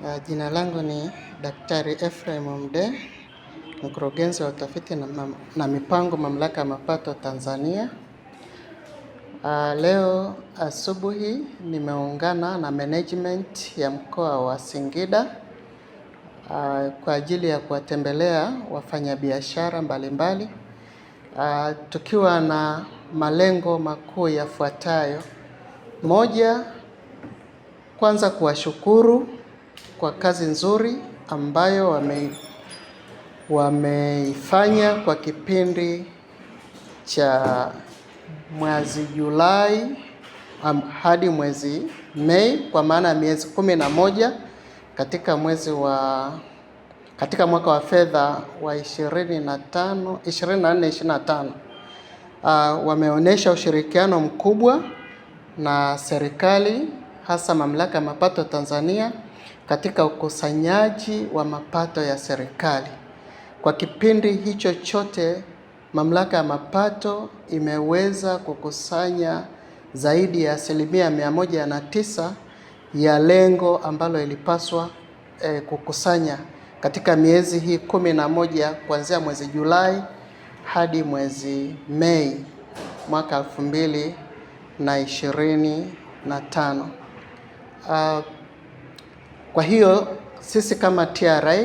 Uh, jina langu ni Daktari Ephraim Mdee, mkurugenzi wa utafiti na, na mipango Mamlaka ya Mapato Tanzania. Uh, leo asubuhi nimeungana na management ya mkoa wa Singida uh, kwa ajili ya kuwatembelea wafanyabiashara mbalimbali tukiwa na malengo makuu yafuatayo: moja, kwanza kuwashukuru kwa kazi nzuri ambayo wame, wameifanya kwa kipindi cha mwezi Julai hadi mwezi Mei kwa maana ya miezi kumi na moja katika mwezi wa katika mwaka wa fedha wa 25 24 25. Uh, wameonyesha ushirikiano mkubwa na serikali hasa mamlaka ya mapato Tanzania katika ukusanyaji wa mapato ya serikali. Kwa kipindi hicho chote, mamlaka ya mapato imeweza kukusanya zaidi ya asilimia mia moja na tisa ya lengo ambalo ilipaswa eh, kukusanya katika miezi hii kumi na moja kuanzia mwezi Julai hadi mwezi Mei mwaka elfu mbili na ishirini na tano. Uh, kwa hiyo sisi kama TRA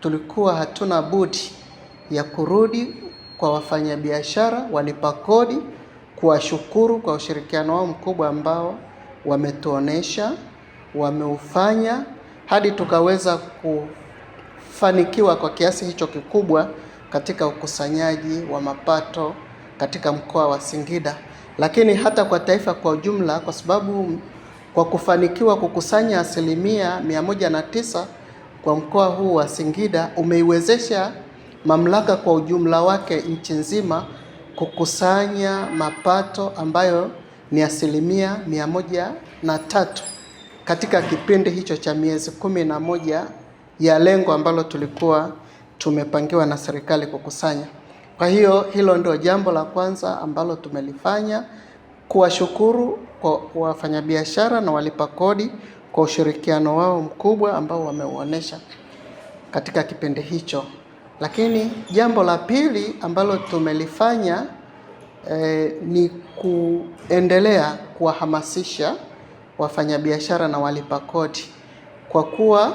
tulikuwa hatuna budi ya kurudi kwa wafanyabiashara walipa kodi kuwashukuru kwa ushirikiano wao mkubwa ambao wametuonesha, wameufanya hadi tukaweza kufanikiwa kwa kiasi hicho kikubwa katika ukusanyaji wa mapato katika mkoa wa Singida, lakini hata kwa taifa kwa ujumla, kwa sababu kwa kufanikiwa kukusanya asilimia tisa kwa mkoa huu wa Singida umeiwezesha mamlaka kwa ujumla wake nchi nzima kukusanya mapato ambayo ni asilimia tatu katika kipindi hicho cha miezi kumi na moja ya lengo ambalo tulikuwa tumepangiwa na serikali kukusanya. Kwa hiyo hilo ndio jambo la kwanza ambalo tumelifanya kuwashukuru kwa wafanyabiashara na walipa kodi kwa ushirikiano wao mkubwa ambao wameuonesha katika kipindi hicho. Lakini jambo la pili ambalo tumelifanya eh, ni kuendelea kuwahamasisha wafanyabiashara na walipa kodi kwa kuwa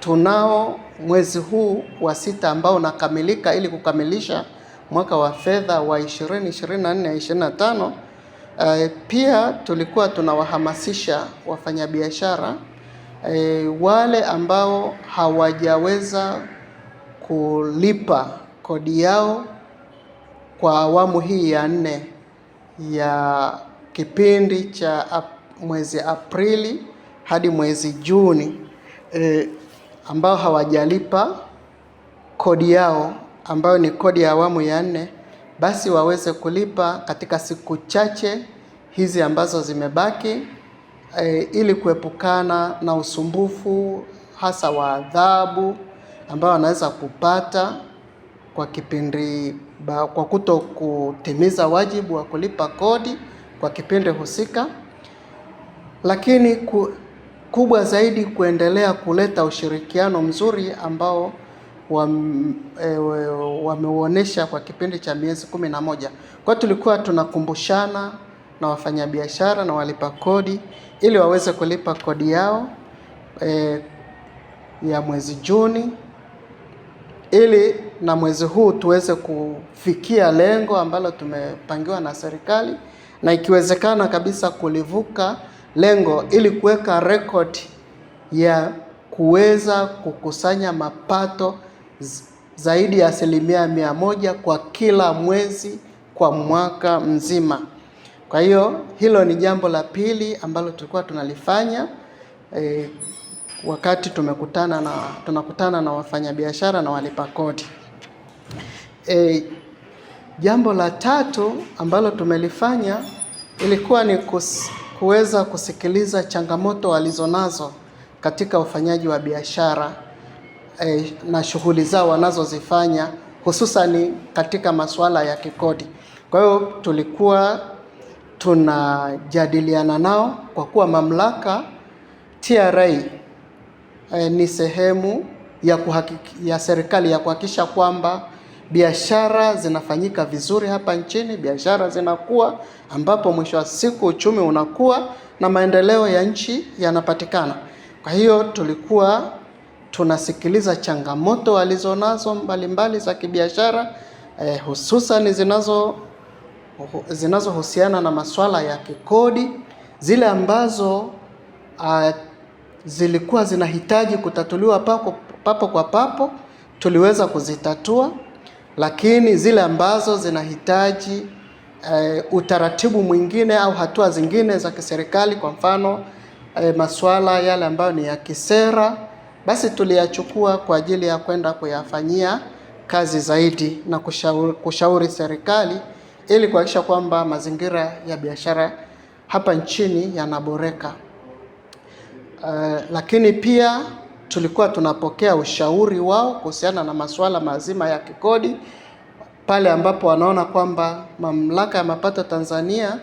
tunao mwezi huu wa sita ambao unakamilika ili kukamilisha mwaka wa fedha wa 2024 25 Uh, pia tulikuwa tunawahamasisha wafanyabiashara uh, wale ambao hawajaweza kulipa kodi yao kwa awamu hii ya nne ya kipindi cha ap, mwezi Aprili hadi mwezi Juni uh, ambao hawajalipa kodi yao ambayo ni kodi ya awamu ya nne basi waweze kulipa katika siku chache hizi ambazo zimebaki e, ili kuepukana na usumbufu hasa wa adhabu ambayo wanaweza kupata kwa kipindi ba, kwa kuto kutimiza wajibu wa kulipa kodi kwa kipindi husika, lakini ku, kubwa zaidi kuendelea kuleta ushirikiano mzuri ambao E, wameuonesha e, kwa kipindi cha miezi kumi na moja. Kwa tulikuwa tunakumbushana na wafanyabiashara na walipa kodi ili waweze kulipa kodi yao e, ya mwezi Juni ili na mwezi huu tuweze kufikia lengo ambalo tumepangiwa na serikali na ikiwezekana kabisa kulivuka lengo ili kuweka rekodi ya kuweza kukusanya mapato zaidi ya asilimia mia moja kwa kila mwezi kwa mwaka mzima. Kwa hiyo hilo ni jambo la pili ambalo tulikuwa tunalifanya e, wakati tumekutana na tunakutana na wafanyabiashara na walipa kodi. E, jambo la tatu ambalo tumelifanya ilikuwa ni kus, kuweza kusikiliza changamoto walizonazo katika ufanyaji wa biashara eh, na shughuli zao wanazozifanya hususan katika masuala ya kikodi. Kwa hiyo tulikuwa tunajadiliana nao kwa kuwa mamlaka TRA eh, ni sehemu ya, ya serikali ya kuhakikisha kwamba biashara zinafanyika vizuri hapa nchini, biashara zinakuwa, ambapo mwisho wa siku uchumi unakuwa na maendeleo ya nchi yanapatikana. Kwa hiyo tulikuwa tunasikiliza changamoto walizonazo mbalimbali za kibiashara eh, hususan zinazo zinazohusiana na masuala ya kikodi, zile ambazo uh, zilikuwa zinahitaji kutatuliwa papo, papo kwa papo tuliweza kuzitatua, lakini zile ambazo zinahitaji uh, utaratibu mwingine au hatua zingine za kiserikali, kwa mfano uh, eh, masuala yale ambayo ni ya kisera basi tuliyachukua kwa ajili ya kwenda kuyafanyia kazi zaidi na kushauri, kushauri serikali ili kuhakikisha kwamba mazingira ya biashara hapa nchini yanaboreka. Uh, lakini pia tulikuwa tunapokea ushauri wao kuhusiana na masuala mazima ya kikodi pale ambapo wanaona kwamba Mamlaka ya Mapato Tanzania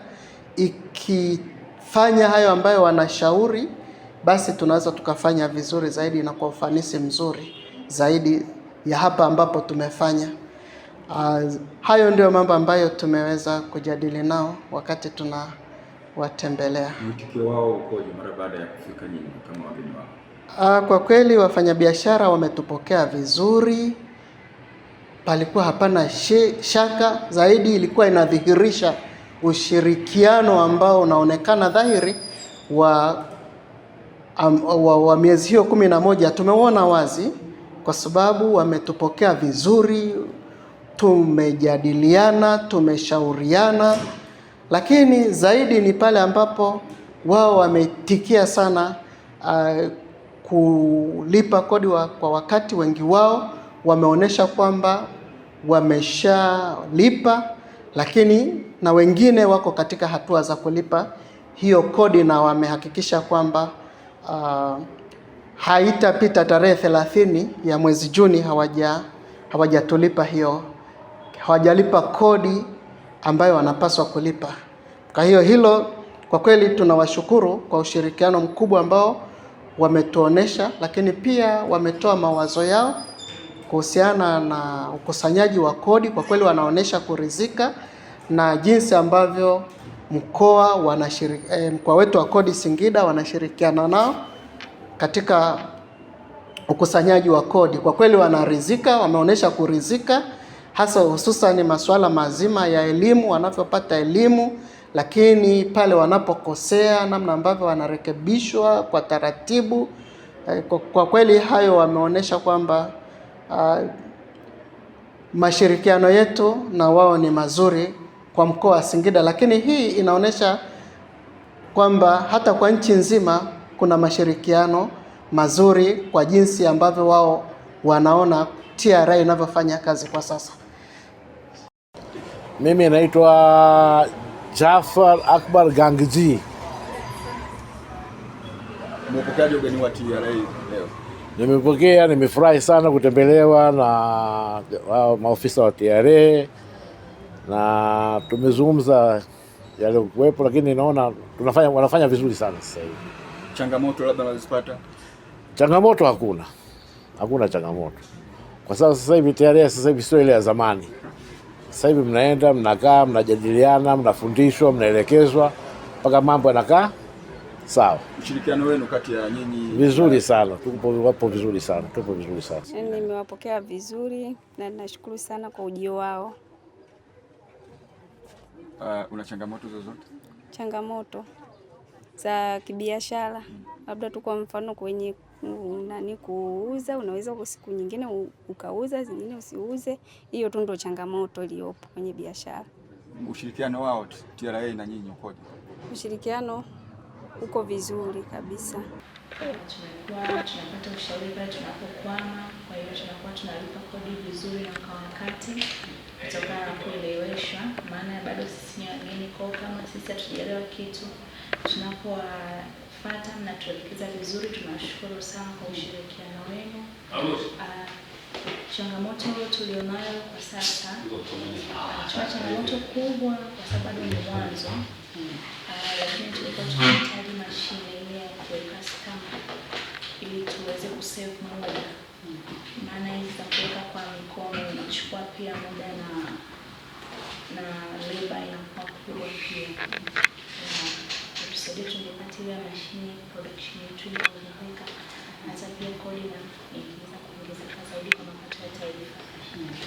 ikifanya hayo ambayo wanashauri basi tunaweza tukafanya vizuri zaidi na kwa ufanisi mzuri zaidi ya hapa ambapo tumefanya. Uh, hayo ndio mambo ambayo tumeweza kujadili nao wakati tunawatembelea. Mwitikio wao ukoje mara baada ya kufika nyinyi kama wageni wao? Uh, kwa kweli wafanyabiashara wametupokea vizuri, palikuwa hapana shaka, zaidi ilikuwa inadhihirisha ushirikiano ambao unaonekana dhahiri wa um, wa, wa miezi hiyo kumi na moja tumeona wazi, kwa sababu wametupokea vizuri, tumejadiliana, tumeshauriana, lakini zaidi ni pale ambapo wao wametikia sana uh, kulipa kodi wa, kwa wakati. Wengi wao wameonyesha kwamba wameshalipa, lakini na wengine wako katika hatua za kulipa hiyo kodi na wamehakikisha kwamba uh, haitapita tarehe thelathini ya mwezi Juni hawaja hawajatulipa hiyo hawajalipa kodi ambayo wanapaswa kulipa. Kwa hiyo hilo kwa kweli tunawashukuru kwa ushirikiano mkubwa ambao wametuonesha, lakini pia wametoa mawazo yao kuhusiana na ukusanyaji wa kodi. Kwa kweli wanaonesha kuridhika na jinsi ambavyo mkoa wanashiriki, eh, mkoa wetu wa kodi Singida wanashirikiana nao katika ukusanyaji wa kodi. Kwa kweli wanaridhika, wameonyesha kuridhika hasa hususan masuala mazima ya elimu, wanavyopata elimu, lakini pale wanapokosea, namna ambavyo wanarekebishwa kwa taratibu. Eh, kwa, kwa kweli hayo wameonyesha kwamba uh, mashirikiano yetu na wao ni mazuri kwa mkoa wa Singida, lakini hii inaonyesha kwamba hata kwa nchi nzima kuna mashirikiano mazuri kwa jinsi ambavyo wao wanaona TRA inavyofanya kazi kwa sasa. Mimi naitwa Jafar Akbar Gangji. Umepokeaje ugeni wa TRA leo? Nimepokea, nimefurahi sana kutembelewa na ah, maofisa wa TRA na tumezungumza yaliyokuwepo, lakini naona tunafanya wanafanya vizuri sana sasa hivi. Changamoto labda wanazipata? Changamoto hakuna, hakuna changamoto kwa sababu sasa hivi tayari, sasa hivi sio ile ya zamani. Sasa hivi mnaenda mnakaa, mnajadiliana, mnafundishwa, mnaelekezwa mpaka mambo yanakaa sawa. Ushirikiano wenu kati ya nyinyi vizuri sana, tupo wapo vizuri sana, tupo vizuri sana. Yaani nimewapokea vizuri na ninashukuru sana kwa ujio wao. Uh, una changamoto zozote? Changamoto za kibiashara labda tu kwa mfano kwenye nani kuuza, unaweza siku nyingine ukauza, zingine usiuze. Hiyo tu ndo changamoto iliyopo kwenye biashara. Ushirikiano wao TRA na nyinyi ukoje? Ushirikiano uko vizuri kabisa. Tunakuwa tunapata ushauri pale tunapokwama, kwa hiyo tunakuwa tunalipa kodi vizuri na kwa wakati kutokana na kueleweshwa, maana bado sisi ni wageni kwao. Kama sisi hatujaelewa kitu, tunapowafata mnatuelekeza vizuri, tunashukuru sana kwa ushirikiano wenu. Ah, changamoto tulionayo kwa sasa, ah, changamoto kubwa kwa sababu ni mwanzo, ah, lakini tulikuwa tunahitaji mashine ile ya kuweka stamp ili tuweze kusave muda, maana hizi za kuweka kwa mikono inachukua pia muda na leba ya kubwa pia, tusaidia tungepata ile mashine production yetu inaongezeka, hata pia kodi na inaweza kuongezeka zaidi kwa mapato ya taifa.